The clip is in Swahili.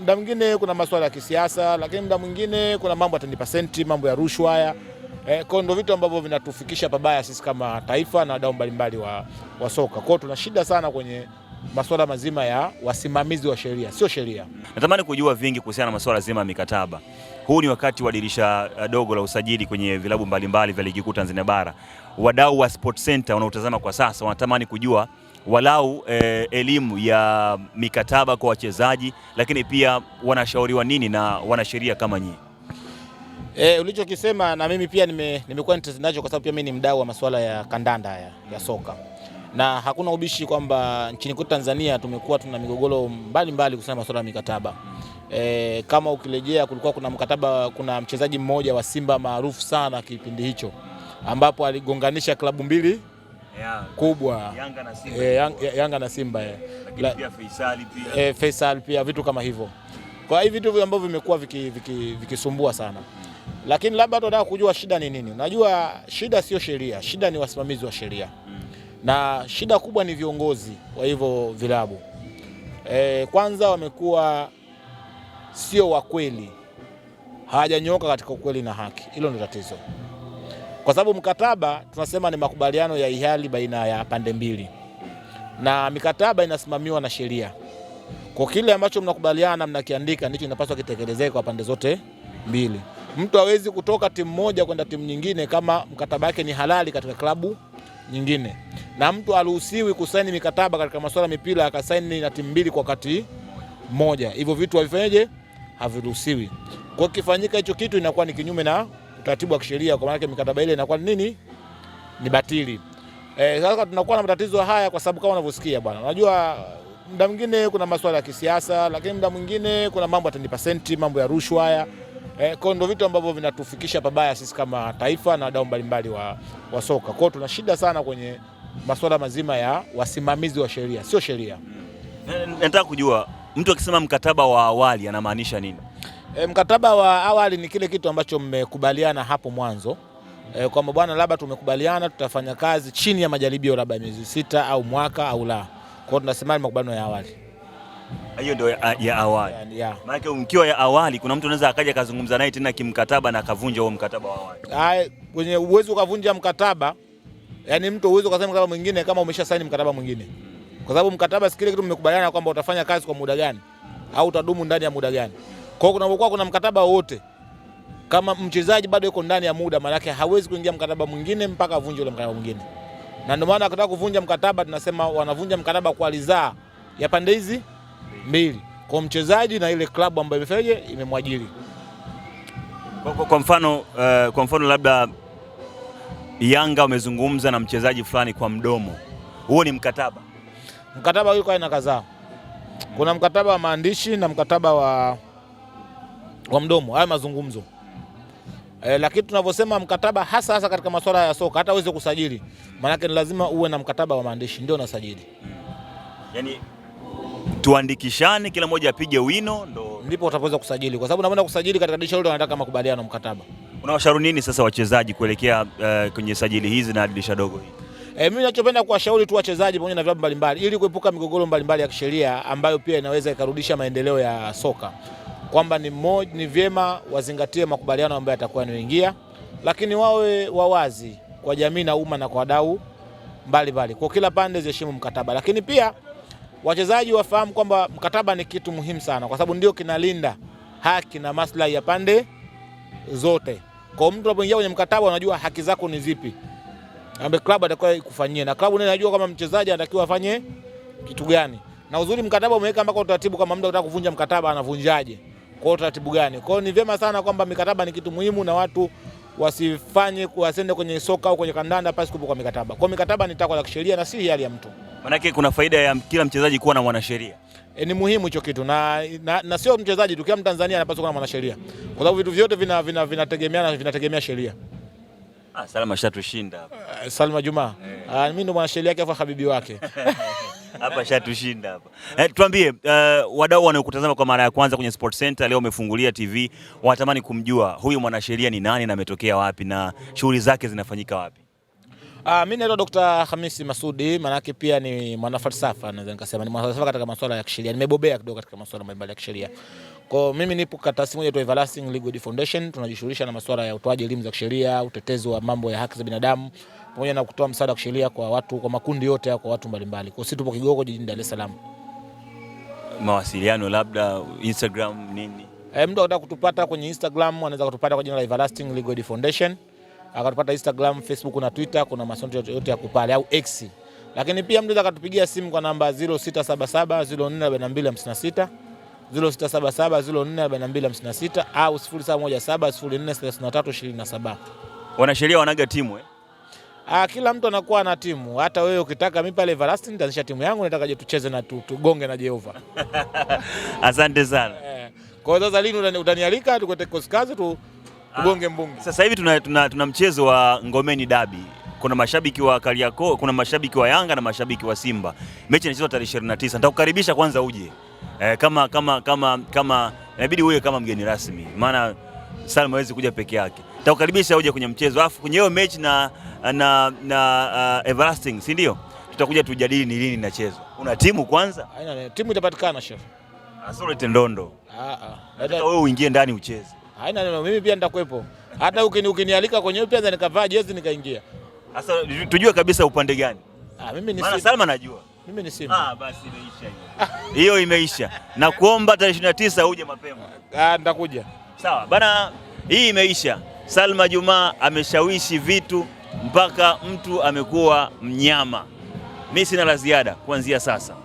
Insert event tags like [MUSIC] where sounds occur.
muda mwingine kuna masuala ya kisiasa, lakini muda mwingine kuna mambo ya teni mambo ya rushwa haya eh, kwao ndo vitu ambavyo vinatufikisha pabaya sisi kama taifa na wadau mbalimbali wa, wa soka. Kwao tuna shida sana kwenye masuala mazima ya wasimamizi wa sheria, sio sheria. Natamani kujua vingi kuhusiana na masuala zima ya mikataba. Huu ni wakati wa dirisha eh, dogo la usajili kwenye vilabu mbalimbali vya ligi kuu Tanzania bara. Wadau wa Sport Center wanaotazama kwa sasa wanatamani kujua walau e, elimu ya mikataba kwa wachezaji, lakini pia wanashauriwa nini na wanasheria kama nyinyi? E, ulichokisema na mimi pia nimekuwa nime nitazinacho kwa sababu pia mimi ni mdau wa masuala ya kandanda ya, ya soka na hakuna ubishi kwamba nchini kwetu Tanzania tumekuwa tuna migogoro mbalimbali kuhusiana na masuala ya mikataba. E, kama ukirejea kulikuwa kuna mkataba, kuna mchezaji mmoja wa Simba maarufu sana kipindi hicho ambapo aligonganisha klabu mbili yeah, kubwa Yanga na Simba, e, Yanga na Simba eh. La, pia Faisal pia. E, Faisal pia vitu kama hivyo kwa hivi vitu ambavyo vimekuwa vikisumbua viki, viki sana lakini labda tunataka kujua shida ni nini. Najua shida sio sheria, shida ni wasimamizi wa sheria na shida kubwa ni viongozi wa hivyo vilabu e, kwanza wamekuwa sio wakweli, hawajanyoka katika ukweli na haki. Hilo ndio tatizo kwa sababu mkataba tunasema ni makubaliano ya hiari baina ya pande mbili, na mikataba inasimamiwa na sheria. Kwa kile ambacho mnakubaliana mnakiandika ndicho inapaswa kitekelezeke kwa pande zote mbili. Mtu hawezi kutoka timu moja kwenda timu nyingine kama mkataba wake ni halali katika klabu nyingine, na mtu aruhusiwi kusaini mikataba katika masuala ya mipira akasaini na timu mbili kwa wakati mmoja. Hivyo vitu havifanyeje, haviruhusiwi. Kwa kifanyika hicho kitu, inakuwa ni kinyume na utaratibu wa kisheria, kwa maana mikataba ile inakuwa nini, ni batili. Eh, sasa tunakuwa na matatizo haya kwa sababu kama unavyosikia bwana, unajua muda mwingine kuna masuala ya kisiasa, lakini muda mwingine kuna mambo ya tani pasenti, mambo ya rushwa haya eh, kwa ndio vitu ambavyo vinatufikisha pabaya sisi kama taifa na wadau mbalimbali wa, wa soka. Kwa hiyo tuna shida sana kwenye masuala mazima ya wasimamizi wa sheria, sio sheria. Nataka kujua mtu akisema mkataba wa awali anamaanisha nini? E, mkataba wa awali ni kile kitu ambacho mmekubaliana hapo mwanzo e, kwamba bwana, labda tumekubaliana tutafanya kazi chini ya majaribio labda miezi sita au mwaka au la. Kwa hiyo tunasema makubaliano ya awali ah, hiyo ndio ya, ah, ya awali yeah. Maana mkiwa ya awali kuna mtu anaweza akaja akazungumza naye tena kimkataba na akavunja huo mkataba wa awali. Ah, eh, kwenye uwezo ukavunja mkataba, yani mtu uwezo ukasema mkataba mwingine kama umesha saini mkataba mwingine, kwa sababu mkataba si kile kitu mmekubaliana kwamba utafanya kazi kwa muda gani au utadumu ndani ya muda gani. Kwa hiyo kunapokuwa kuna mkataba wote, kama mchezaji bado yuko ndani ya muda, maana yake hawezi kuingia mkataba mwingine mpaka avunje ule mkataba mwingine, na ndio maana wakitaka kuvunja mkataba tunasema wanavunja mkataba kwa ridhaa ya pande hizi mbili, kwa mchezaji na ile klabu ambayo imefeje imemwajiri. Kwa, kwa, kwa mfano uh, kwa mfano labda Yanga wamezungumza na mchezaji fulani kwa mdomo, huo ni mkataba. Mkataba uko aina kadhaa, kuna mkataba wa maandishi na mkataba wa kwa mdomo haya mazungumzo e, lakini tunavyosema mkataba hasa hasa katika masuala ya soka, hata uweze kusajili, maanake ni lazima uwe na mkataba wa maandishi ndio unasajili. Yani tuandikishane, kila mmoja apige wino, ndo ndipo utaweza kusajili, kwa sababu unaenda kusajili katika dirisha hilo wanataka makubaliano, mkataba. Unawashauri nini sasa wachezaji kuelekea uh, kwenye sajili hizi na dirisha dogo hii? E, eh, mimi ninachopenda kuwashauri tu wachezaji pamoja na vilabu mbalimbali ili kuepuka migogoro mbalimbali ya kisheria ambayo pia inaweza ikarudisha maendeleo ya soka kwamba ni, ni vyema wazingatie makubaliano ambayo yatakuwa yanaingia, lakini wawe wawazi kwa jamii na umma na kwa wadau mbalimbali, kwa kila pande ziheshimu mkataba, lakini pia wachezaji wafahamu kwamba mkataba ni kitu muhimu sana, kwa sababu ndio kinalinda haki na maslahi ya pande zote. Kwa mtu anapoingia kwenye mkataba, anajua haki zako ni zipi, ambe klabu atakuwa ikufanyia na klabu nayo inajua kama mchezaji anatakiwa afanye kitu gani. Na uzuri mkataba umeweka mpaka utaratibu, kama mtu anataka kuvunja mkataba anavunjaje kwa utaratibu gani. Kwa hiyo ni vyema sana kwamba mikataba ni kitu muhimu na watu wasifanye wasende kwenye soka au kwenye kandanda pasi kupo kwa mikataba. Kwa mikataba ni takwa la kisheria na si hiari ya mtu. Manake kuna faida ya kila mchezaji kuwa na mwanasheria. E, ni muhimu hicho kitu na, na, na sio mchezaji tu, kila Mtanzania anapaswa kuwa na mwanasheria kwa sababu vitu vyote vinategemeana vinategemea vinategemea sheria. Ah, Salma shatushinda Uh, eh, Salma Juma. Hey. Eh. Ah, mimi ndo mwanasheria yake afa habibi wake [LAUGHS] hapa shatushinda hapa. Eh, tuambie uh, wadau wanaokutazama kwa mara ya kwanza kwenye Sports Center leo umefungulia TV, watamani kumjua huyu mwanasheria ni nani na ametokea wapi na shughuli zake zinafanyika wapi? Uh, ah, mimi naitwa Dr. Hamisi Masudi, maanake pia ni mwanafalsafa, naweza nikasema ni mwanafalsafa katika masuala ya kisheria. Nimebobea kidogo katika masuala mbalimbali ya kisheria. Kwa mimi nipo katika taasisi moja tu Everlasting Legal Foundation, tunajishughulisha na masuala ya utoaji elimu za kisheria, utetezi wa mambo ya haki za binadamu pamoja na kutoa msaada wa kisheria kwa watu, kwa makundi yote ya kwa watu mbalimbali. Kwa sisi tupo Kigogo jijini Dar es Salaam. Mawasiliano labda Instagram nini? Eh, mtu anataka kutupata kwenye Instagram anaweza kutupata kwa jina la Everlasting Legal Foundation. Akatupata Instagram, Facebook na Twitter, kuna masonto yote ya kupale au X. Lakini pia mtu anaweza kutupigia simu kwa namba 0677 044256 0677 au 0717 Wanasheria wanaga timu eh? Ah, kila mtu anakuwa na timu. Hata wewe ukitaka mimi pale Varasti nitaanzisha timu yangu nataka je tucheze na tu, tugonge na Jehova. [LAUGHS] Asante sana. Eh, kwa hiyo sasa lini utanialika tukwete Coast Kazi tu tugonge mbungi. Sasa hivi tuna, tuna, tuna mchezo wa Ngomeni Dabi. Kuna mashabiki wa Kariakoo, kuna mashabiki wa Yanga na mashabiki wa Simba. Mechi inachezwa tarehe 29. Nitakukaribisha kwanza uje eh, kama kama kama kama inabidi uwe kama mgeni rasmi, maana Salma hawezi kuja peke yake. Tutakukaribisha uje kwenye mchezo, alafu kwenye hiyo mechi na, na, na uh, Everlasting, si ndio? Tutakuja tujadili ni lini inachezwa. Una timu kwanza? Haina timu itapatikana chef. Asante Ndondo. Ah ah. Wewe uingie ndani ucheze. Haina neno, mimi pia nitakuepo. Hata ukini ukinialika kwenye hiyo pia nikavaa jezi nikaingia. Sasa tujue kabisa upande gani? Ah, mimi ni Simba. Salma najua. Mimi ni Simba. Ah, basi imeisha hiyo hiyo imeisha, na kuomba tarehe ishirini na tisa uje mapema. Ah, nitakuja. Sawa bana, hii imeisha. Salma Juma ameshawishi vitu mpaka mtu amekuwa mnyama. Mimi sina la ziada kuanzia sasa.